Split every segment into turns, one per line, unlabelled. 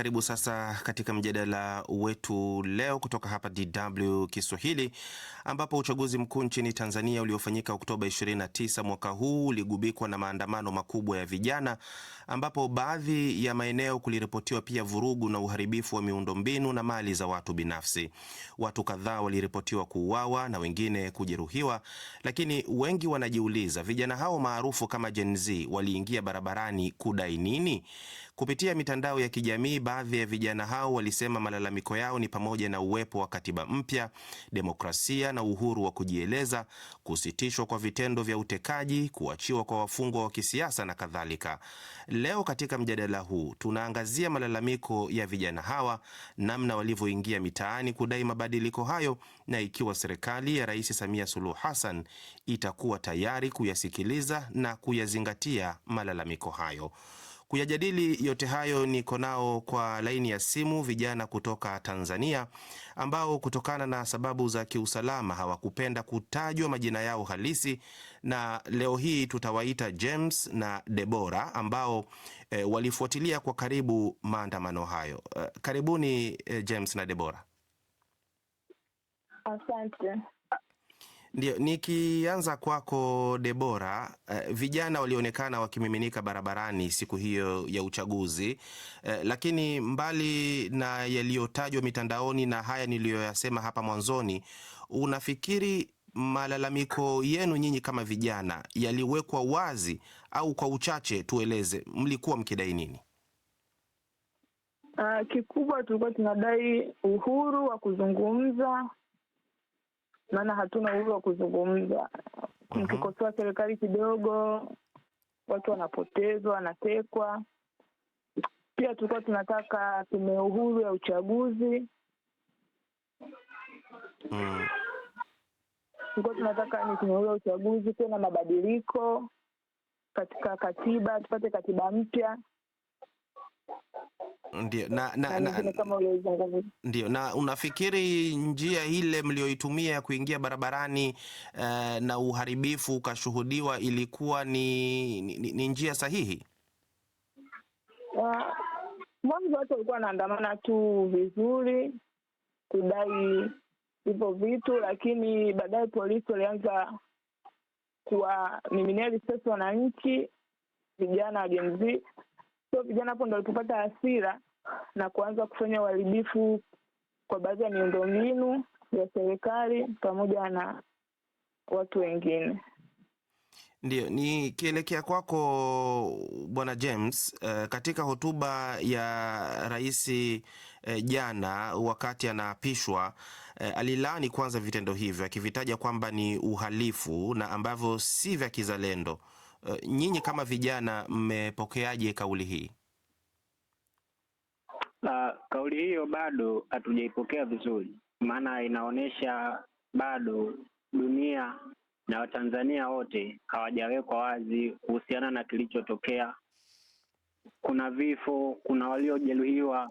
Karibu sasa katika mjadala wetu leo kutoka hapa DW Kiswahili, ambapo uchaguzi mkuu nchini Tanzania uliofanyika Oktoba 29 mwaka huu uligubikwa na maandamano makubwa ya vijana, ambapo baadhi ya maeneo kuliripotiwa pia vurugu na uharibifu wa miundombinu na mali za watu binafsi. Watu kadhaa waliripotiwa kuuawa na wengine kujeruhiwa, lakini wengi wanajiuliza vijana hao maarufu kama Gen Z waliingia barabarani kudai nini? Kupitia mitandao ya kijamii, baadhi ya vijana hao walisema malalamiko yao ni pamoja na uwepo wa katiba mpya, demokrasia na uhuru wa kujieleza, kusitishwa kwa vitendo vya utekaji, kuachiwa kwa wafungwa wa kisiasa na kadhalika. Leo katika mjadala huu tunaangazia malalamiko ya vijana hawa, namna walivyoingia mitaani kudai mabadiliko hayo na ikiwa serikali ya Rais Samia Suluhu Hassan itakuwa tayari kuyasikiliza na kuyazingatia malalamiko hayo. Kuyajadili yote hayo niko nao kwa laini ya simu vijana kutoka Tanzania ambao kutokana na sababu za kiusalama hawakupenda kutajwa majina yao halisi, na leo hii tutawaita James na Debora ambao e, walifuatilia kwa karibu maandamano hayo. Eh, karibuni e, James na Debora.
Asante.
Ndio, nikianza kwako Debora, uh, vijana walionekana wakimiminika barabarani siku hiyo ya uchaguzi uh, lakini mbali na yaliyotajwa mitandaoni na haya niliyoyasema hapa mwanzoni, unafikiri malalamiko yenu nyinyi kama vijana yaliwekwa wazi au kwa uchache? Tueleze, mlikuwa mkidai nini?
Uh, kikubwa tulikuwa tunadai uhuru wa kuzungumza maana hatuna uhuru wa kuzungumza. Mhm. Mkikosoa serikali kidogo, watu wanapotezwa, wanatekwa. Pia tulikuwa tunataka tume uhuru ya uchaguzi mm. tulikuwa tunataka ni tume uhuru ya uchaguzi, kuwe na mabadiliko katika katiba, tupate katiba mpya
ndio na, na, yaani na, ndio na unafikiri njia ile mlioitumia ya kuingia barabarani eh, na uharibifu ukashuhudiwa ilikuwa ni, ni, ni njia sahihi?
Ah, mwanzo watu walikuwa wanaandamana tu vizuri kudai hivyo vitu, lakini baadaye polisi walianza kuwa risasi wananchi, vijana wa Gen Z So vijana hapo ndo walipopata hasira na kuanza kufanya uharibifu kwa baadhi ya miundombinu ya serikali pamoja na watu wengine.
ni nikielekea kwako Bwana James, uh, katika hotuba ya rais uh, jana wakati anaapishwa uh, alilaani kwanza vitendo hivyo akivitaja kwamba ni uhalifu na ambavyo si vya kizalendo. Eh, nyinyi kama vijana mmepokeaje kauli hii?
Uh, kauli hiyo bado hatujaipokea vizuri, maana inaonyesha bado dunia na Watanzania wote hawajawekwa wazi kuhusiana na kilichotokea. Kuna vifo, kuna waliojeruhiwa,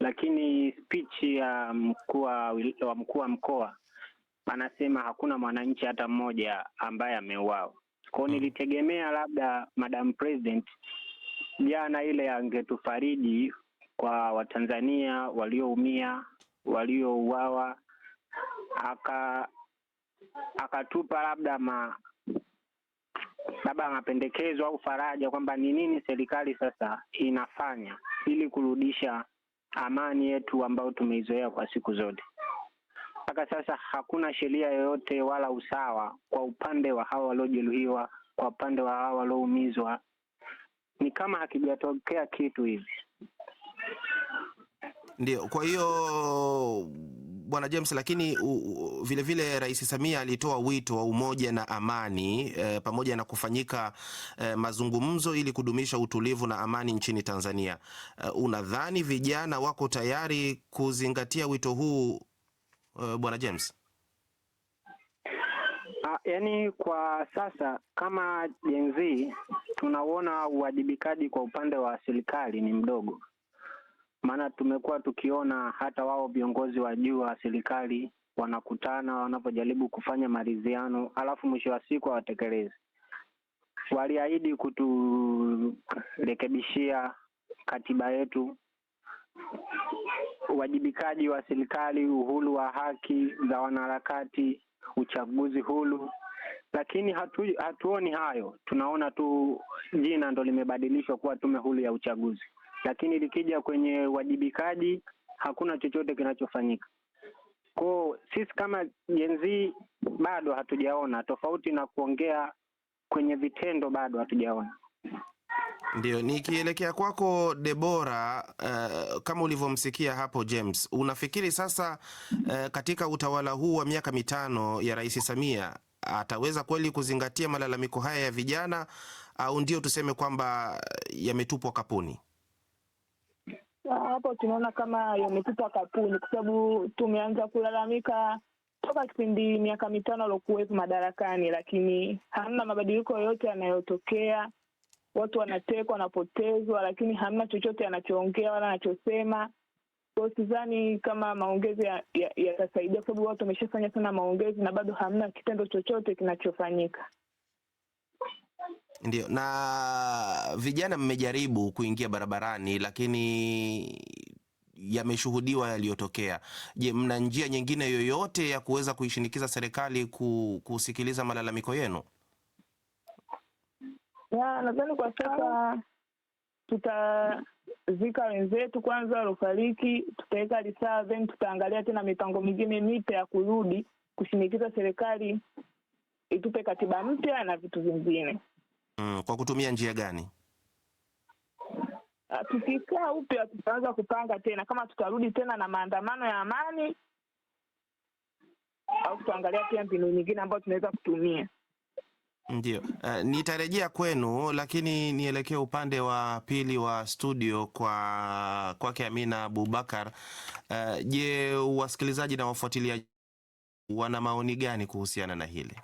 lakini spichi ya mkuu wa mkuu wa mkoa anasema hakuna mwananchi hata mmoja ambaye ameuawa. Kwao mm. nilitegemea labda Madam President jana ile angetufariji kwa Watanzania walioumia, waliouawa, aka akatupa labda ma labda mapendekezo au faraja kwamba ni nini serikali sasa inafanya ili kurudisha amani yetu ambayo tumeizoea kwa siku zote. Mpaka sasa hakuna sheria yoyote wala usawa kwa upande wa hawa waliojeruhiwa, kwa upande wa hawa walioumizwa, ni kama hakijatokea kitu hivi.
Ndio, kwa hiyo Bwana James, lakini vilevile Rais Samia alitoa wito wa umoja na amani e, pamoja na kufanyika e, mazungumzo ili kudumisha utulivu na amani nchini Tanzania. E, unadhani vijana wako tayari kuzingatia wito huu uh, bwana James?
Yaani kwa sasa kama Gen Z tunauona uwajibikaji kwa upande wa serikali ni mdogo, maana tumekuwa tukiona hata wao viongozi wa juu wa serikali wanakutana wanapojaribu kufanya maridhiano, alafu mwisho wa siku hawatekelezi. Waliahidi kuturekebishia katiba yetu uwajibikaji wa serikali, uhuru wa haki za wanaharakati, uchaguzi huru, lakini hatu, hatuoni hayo. Tunaona tu jina ndo limebadilishwa kuwa tume huru ya uchaguzi, lakini likija kwenye uwajibikaji hakuna chochote kinachofanyika. Kwa sisi kama jenzii bado hatujaona, tofauti na kuongea, kwenye vitendo bado hatujaona.
Ndio, nikielekea kwako Debora, uh, kama ulivyomsikia hapo James, unafikiri sasa uh, katika utawala huu wa miaka mitano ya Rais Samia ataweza kweli kuzingatia malalamiko haya ya vijana au ndio tuseme kwamba yametupwa kapuni?
Hapo tunaona kama yametupwa kapuni, kwa sababu tumeanza kulalamika toka kipindi miaka mitano aliokuwepo madarakani, lakini hamna mabadiliko yoyote yanayotokea watu wanatekwa, wanapotezwa, lakini hamna chochote anachoongea wala anachosema. Kwa sidhani kama maongezi yatasaidia ya, ya kwa sababu watu wameshafanya sana maongezi na bado hamna kitendo chochote kinachofanyika.
Ndio, na vijana mmejaribu kuingia barabarani, lakini yameshuhudiwa yaliyotokea. Je, mna njia nyingine yoyote ya kuweza kuishinikiza serikali kusikiliza malalamiko yenu?
ya nadhani kwa sasa tutazika wenzetu kwanza waliofariki, tutaweka risaa, then tutaangalia tena mipango mingine mipya ya kurudi kushinikiza serikali itupe katiba mpya na vitu vingine.
Mm, kwa kutumia njia gani?
Ah, tukikaa upya tutaweza kupanga tena kama tutarudi tena na maandamano ya amani, au tutaangalia pia mbinu nyingine ambayo tunaweza kutumia.
Ndio. Uh, nitarejea kwenu lakini nielekee upande wa pili wa studio kwa kwake Amina Abubakar. Uh, je, wasikilizaji na wafuatiliaji wana maoni gani kuhusiana na hili?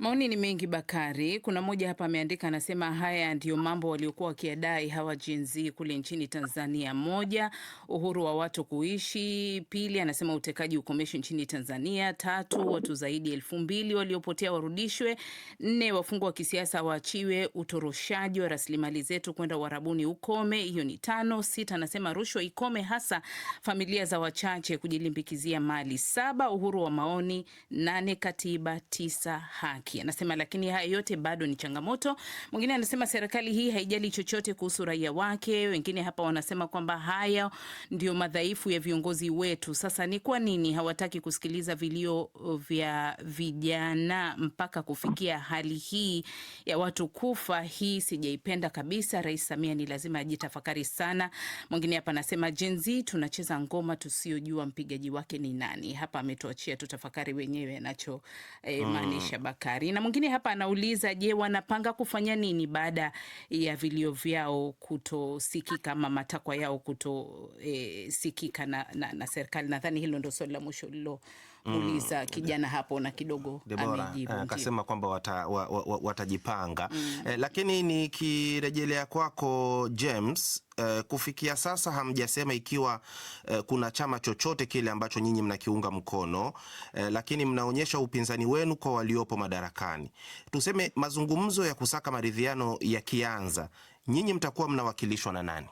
Maoni ni mengi Bakari. Kuna mmoja hapa ameandika, anasema haya ndiyo mambo waliokuwa wakiadai hawa Gen Z kule nchini Tanzania. Moja, uhuru wa watu kuishi. Pili, anasema utekaji ukomeshwe nchini Tanzania. Tatu, watu zaidi ya elfu mbili waliopotea warudishwe. Nne, wafungwa wa kisiasa waachiwe. Utoroshaji wa rasilimali zetu kwenda uharabuni ukome. Hiyo ni tano. Sita, anasema rushwa ikome, hasa familia za wachache kujilimbikizia mali. Saba, uhuru wa maoni. Nane, katiba. Tisa, haki haki. Anasema lakini haya yote bado ni changamoto. Mwingine anasema serikali hii haijali chochote kuhusu raia wake. Wengine hapa wanasema kwamba haya ndio madhaifu ya viongozi wetu. Sasa ni kwa nini hawataki kusikiliza vilio vya vijana mpaka kufikia hali hii ya watu kufa? Hii sijaipenda kabisa. Rais Samia ni lazima ajitafakari sana. Mwingine hapa anasema Gen Z tunacheza ngoma tusiojua mpigaji wake ni nani. Hapa ametuachia tutafakari wenyewe anachomaanisha eh, hmm. Bakari habari. Na mwingine hapa anauliza, je, wanapanga kufanya nini baada ya vilio vyao kutosikika ama matakwa yao kutosikika na, na, na serikali? Nadhani hilo ndo swali la mwisho lilouliza mm, kijana hapo na kidogo
amejibu eh, akasema kwamba wata, wata, watajipanga mm. Eh, lakini nikirejelea kwako James Eh, kufikia sasa hamjasema ikiwa eh, kuna chama chochote kile ambacho nyinyi mnakiunga mkono eh, lakini mnaonyesha upinzani wenu kwa waliopo madarakani. Tuseme mazungumzo ya kusaka maridhiano yakianza, nyinyi mtakuwa mnawakilishwa na nani?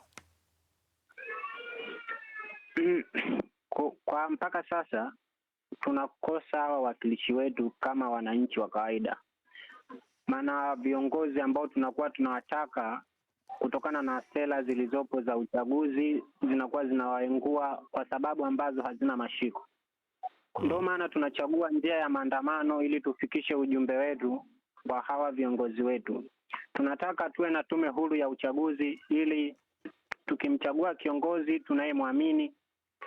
Mm, kwa mpaka sasa tunakosa hawa wawakilishi wetu kama wananchi wa kawaida, maana viongozi ambao tunakuwa tunawataka kutokana na sera zilizopo za uchaguzi zinakuwa zinawaingua kwa sababu ambazo hazina mashiko. Ndio maana tunachagua njia ya maandamano ili tufikishe ujumbe wetu kwa hawa viongozi wetu. Tunataka tuwe na tume huru ya uchaguzi ili tukimchagua kiongozi tunayemwamini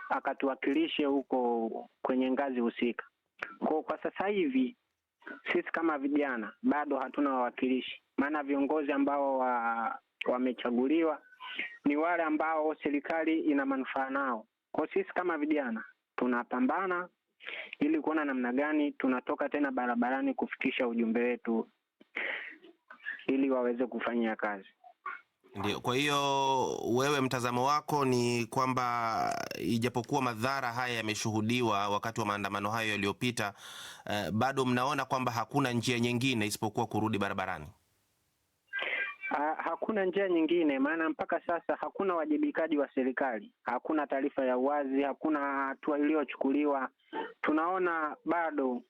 akatuwakilishe huko kwenye ngazi husika. Kwa kwa sasa hivi sisi kama vijana bado hatuna wawakilishi, maana viongozi ambao wa wamechaguliwa ni wale ambao serikali ina manufaa nao. Kwa sisi kama vijana tunapambana ili kuona namna gani tunatoka tena barabarani kufikisha ujumbe wetu ili waweze kufanyia kazi.
Ndio. Kwa hiyo wewe, mtazamo wako ni kwamba ijapokuwa madhara haya yameshuhudiwa wakati wa maandamano hayo yaliyopita, eh, bado mnaona kwamba hakuna njia nyingine isipokuwa kurudi barabarani?
Ha, hakuna njia nyingine, maana mpaka sasa hakuna wajibikaji wa serikali, hakuna taarifa ya uwazi, hakuna hatua iliyochukuliwa. Tunaona bado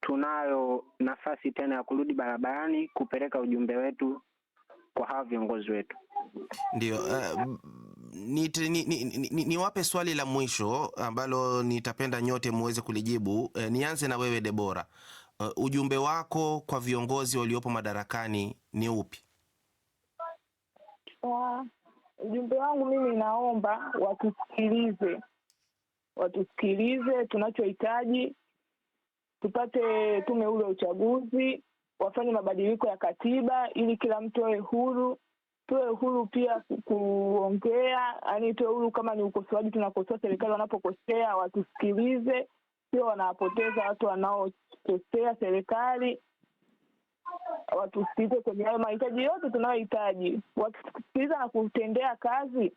tunayo nafasi tena ya kurudi barabarani kupeleka ujumbe wetu kwa hawa viongozi wetu.
Ndio, uh, ni, ni, ni, ni, ni swali la mwisho ambalo nitapenda nyote muweze kulijibu. Uh, nianze na wewe Debora. Uh, ujumbe wako kwa viongozi waliopo madarakani ni upi?
Ujumbe wangu mimi, naomba watusikilize, watusikilize tunachohitaji, tupate tume huru ya uchaguzi, wafanye mabadiliko ya katiba ili kila mtu awe huru, tuwe huru pia kuongea, yaani tuwe huru. Kama ni ukosoaji, tunakosoa serikali wanapokosea, watusikilize, sio wanawapoteza watu wanaokosea serikali watusikize kwenye hayo mahitaji yote tunayohitaji. wakisikiliza na kutendea kazi,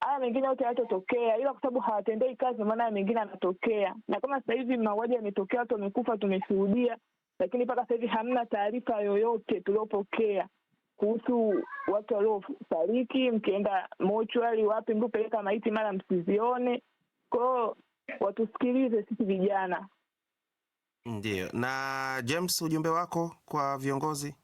haya mengine yote hayatotokea, ila kwa sababu hawatendei kazi, maana haya mengine yanatokea. Na kama sasa hivi mauaji yametokea, watu wamekufa, tumeshuhudia, lakini mpaka sasa hivi hamna taarifa yoyote tuliopokea kuhusu watu waliofariki. Mkienda mochwari, wapi mlipeleka maiti, mara msizione. Kwa watusikilize sisi vijana
ndio. Na James, ujumbe wako kwa viongozi?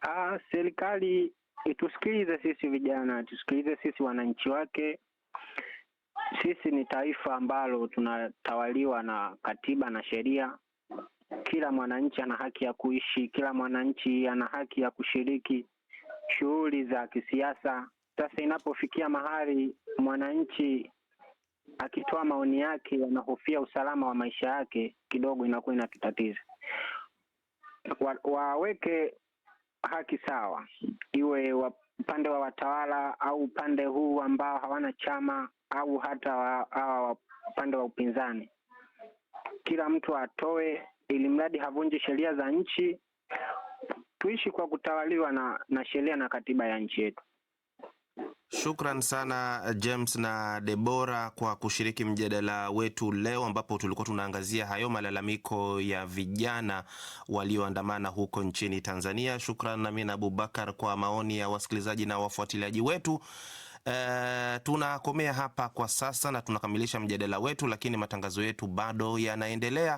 Ah, serikali itusikilize sisi vijana, tusikilize sisi wananchi wake. Sisi ni taifa ambalo tunatawaliwa na katiba na sheria. Kila mwananchi ana haki ya kuishi, kila mwananchi ana haki ya kushiriki shughuli za kisiasa. Sasa inapofikia mahali mwananchi akitoa maoni yake yanahofia usalama wa maisha yake, kidogo inakuwa inatutatiza. waweke haki sawa, iwe upande wa watawala au upande huu ambao hawana chama au hata hawa upande wa upinzani, kila mtu atoe, ili mradi havunji sheria za nchi. Tuishi kwa kutawaliwa na, na sheria na katiba ya nchi yetu.
Shukran sana eh, James na Debora kwa kushiriki mjadala wetu leo, ambapo tulikuwa tunaangazia hayo malalamiko ya vijana walioandamana huko nchini Tanzania. Shukran nami na Abubakar kwa maoni ya wasikilizaji na wafuatiliaji wetu. Uh, tunakomea hapa kwa sasa na tunakamilisha mjadala wetu, lakini matangazo yetu bado yanaendelea.